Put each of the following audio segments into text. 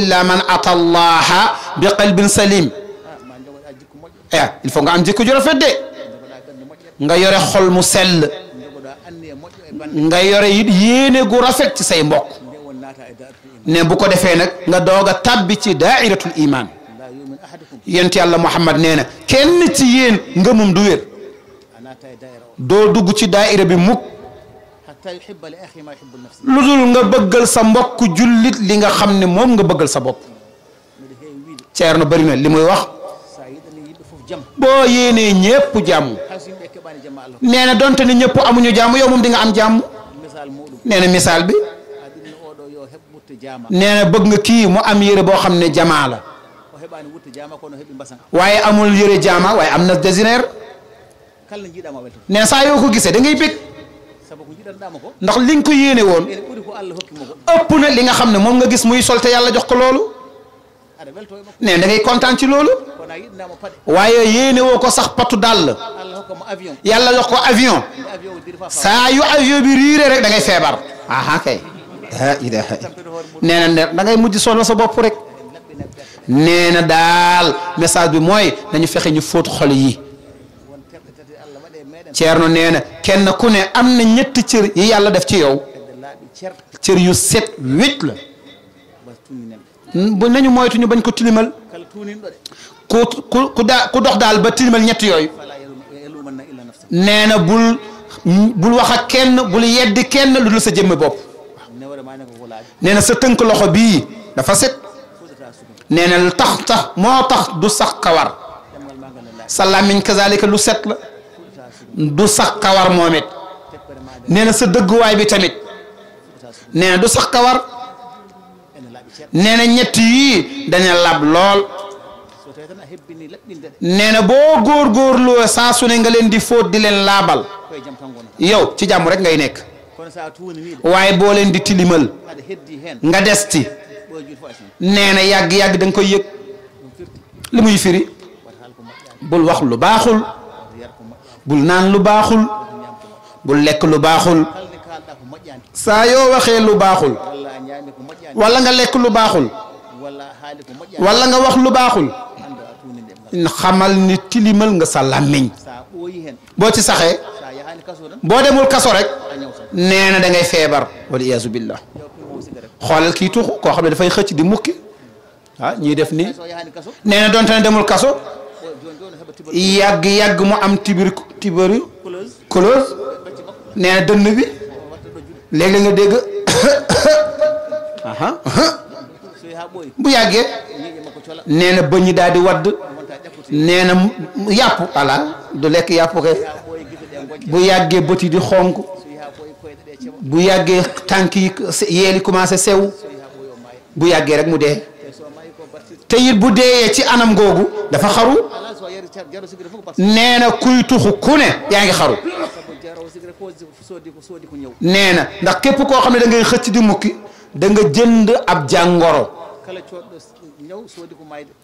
إلا من أتى الله بقلب سليم إيه الفونغ عم ديكو جرا فدي نغيره خل مسل نغيره يديني غورا فك تسي مبوك نبوكو دفينك نغدوغ تبتي دائرة الإيمان ينتي الله محمد نينا كن تيين نغمم دوير دو دوغو تي دائرة بمك lu dul nga bëggal sa mbokk jullit li nga xam ne moom nga bëggal sa bopp ceerno bari na li muy wax boo yéenee ñépp jàmm nee na donte ne ñëpp amuñu jàmm yow moom di nga am jàmm nee na misaal bi nee na bëgg nga kii mu am yére boo xam ne jamaa la waaye amul yëre jaama waaye am na désinaire nee saa yoo ko gisee da ngay ndax li nga ko yéene woon ëpp na li nga xam ne moom nga gis muy solte yàlla jox ko loolu ne da ngay kontaan ci loolu waaye yéene woo ko sax patu dàll yàlla jox ko avion saa yu avion bi riire rek dangay feebar aha kay la ilaha da ngay mujj sonal sa bopp rek nee na daal message bi mooy nañu fexe ñu fóot xol yi ceerno neena kenn ku ne am na ñett cër yi yàlla def ci yow cër yu set wécc la bu nañu moytu ñu bañ ko tilimal ku ku ku daa dox daal ba tilimal ñett yooyu neena bul bul wax ak kenn bul yedd kenn lu dul sa jëmm bopp neena sa tënk loxo bii dafa set neena lu tax tax moo tax du sax kawar sa làmmiñ kazalika lu set la du sax kawar momit neena sa deug way bi tamit neena du sax kawar neena ñet yi yii lab lol neena bo gor gor lu sa ne nga len di fot di len laabal yow ci jamm rek ngay nek waye bo len di tilimal nga desti nee na yag yàgg koy yek limuy firi bul wax lu baxul bul naan lu baaxul bul lekk lu baaxul saa yoo waxee lu baaxul wala nga lek lu baxul wala nga wax lu baxul in xamal ni tilimal nga sa làmmiñ bo ci saxé bo demul kasso rek neena da ngay febar wal iyaasu billah xolal ki tuxu ko xam da fay xëcc di mukki ah ñi def ni neena don tane demul kasso yàgg yàgg mu am tibir tibari close nee na dënn bi léeg nga dégg bu yàggee nee na bëñ daal di wadd nee na yàpp ala du lekk yàpp kay bu yàggee bët di xonk bu yàggee tànk yi yeel sew bu yàggee rek mu dee te it bu deeyee ci anam googu dafa xaru nee na kuy tuxu ku ne yaa ngi xaru nee na ndax képp koo xam ne da ngay xëcc di mukki da nga jënd ab jàngoro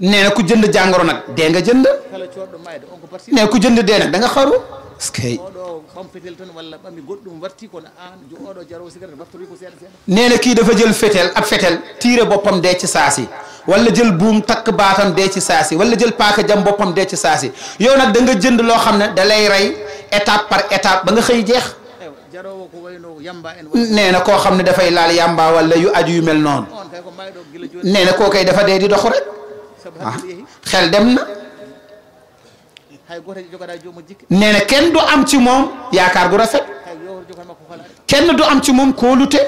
nee na ku jënd jàngoro nag dee nga jënd nee na ku jënd dee nag da nga xaru skay nee na kii dafa jël fetel ab fetel tiire boppam dee ci saasi wala jël buum takk baatam dee ci saa si wala jël paaka jam boppam dee ci saa si yow nag da nga jënd loo xam ne da lay rey étape par étape ba nga xëy jeex nee na koo xam ne dafay laal yamba wala yu aju yu mel noonu nee na koo koy dafa dee di doxu rek ah, xel dem na nee na kenn du am ci moom yaakaar gu rafet kenn du am ci moom kóolute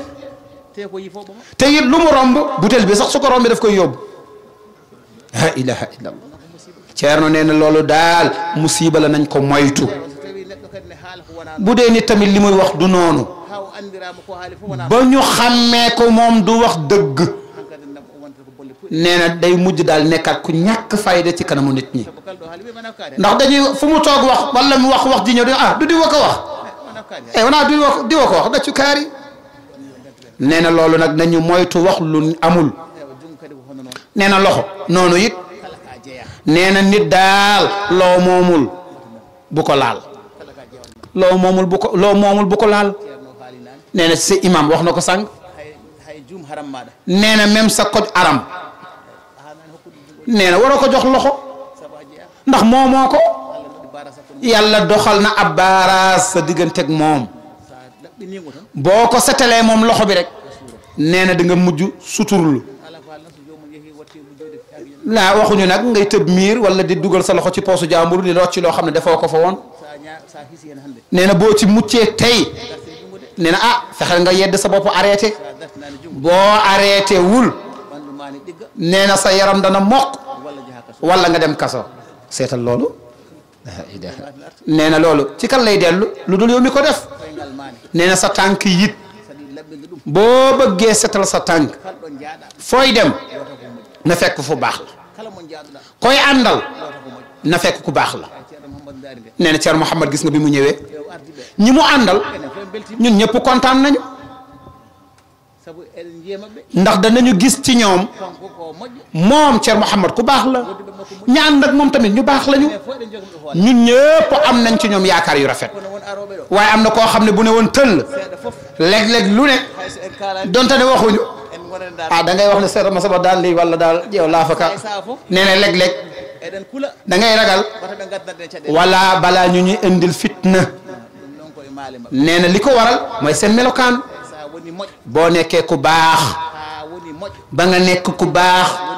te it lu mu romb buteel bi sax su ko romb daf koy yóbbu la ilaha illallah ceerno nee na loolu daal musiba la nañ ko moytu bu dee ni tamit li muy wax du noonu ba ñu xàmmee ko moom du wax dëgg nee na day mujj daal nekkaat ku ñàkk fayda ci kanamu nit ñi ndax dañuy fu mu toog wax wala mu wax wax ji ñëw di ah du di wa ko wax e wonaa du di wa ko wax da ci kaari nee na loolu nag nañu moytu wax lu amul nee na loxo noonu it nee na nit daal loo moomul bu ko laal loo moomul bu moomul bu ko laal nee na sa imam wax na ko sànq nee na même sa koj aram nee na ko jox loxo ndax moomoo ko yàlla doxal na ab baaraas sa digganteeg moom boo ko setalee moom loxo bi rek nee na mujj suturlu na waxuñu nag ngay tëb miir wala di dugal sa loxo ci poosu jàmbur di rocc loo xam ne defoo ko fa woon nee na boo ci muccee tey nee na ah fexeel nga yedd sa bopp arrêté boo arrêté wul nee na sa yaram dana mokk wala nga dem kaso seetal loolu nee na loolu ci kan lay dellu lu dul yow mi ko def nee na sa tànk yit boo bëggee setal sa tànk fooy dem na fekk fu baax la koy àndal na fekk ku baax la nee na Thierno Mouhamed gis nga bi mu ñëwee ñi mu àndal ñun ñëpp kontaan nañu ndax danañu gis ci ñoom moom Thierno Mouhamed ku baax la ñi ànd ak moom tamit ñu baax lañu ñun ñëpp am nañ ci ñoom yaakaar yu rafet waaye am na koo xam ne bu ne woon tëll léeg-léeg lu ne donte ne waxuñu. ah da ngay wax ne sama sama daan lii walla daal yow laa fa ka nee na léeg-léeg eh, da ngay ragal wala balaa ñu ñuy indil fitna nee na li ko waral mooy seen melokaan boo nekkee ku baax ba nga nekk ku baax.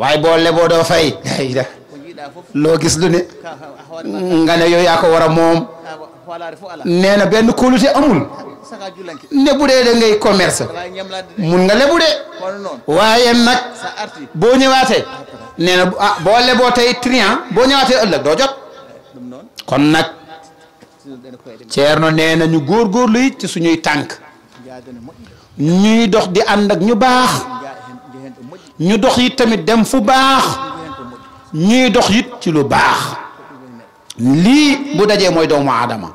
waaye boo leboo doo fay loo gis lu ne nga ne yow yaa ko war a moom nee na benn kóolute amul ne bu dee da ngay commerce mun nga lebu de waaye nag boo ñëwaatee nee na ah boo leboo tey trian boo ñëwaatee ëllëg doo jot kon nag Ceerno nee na ñu góorgóorlu it ci suñuy tànk ñuy dox di ànd ak ñu baax. ñu dox yi tamit dem fu baax ñuy dox it ci lu baax lii bu dajee mooy doomu aadama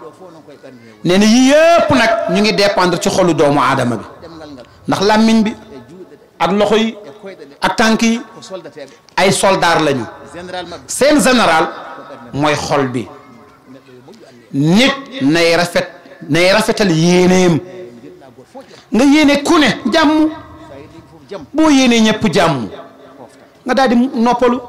nee na yii yëpp nag ñu ngi dépendre ci xolu doomu aadama bi ndax làmmiñ bi ak loxo yi ak tànk yi ay soldaar lañu seen général mooy xol bi nit nay rafet nay rafetal yéeneem nga yéene ku ne jàmm boo yéenee ñëpp jàmm nga daal di noppalu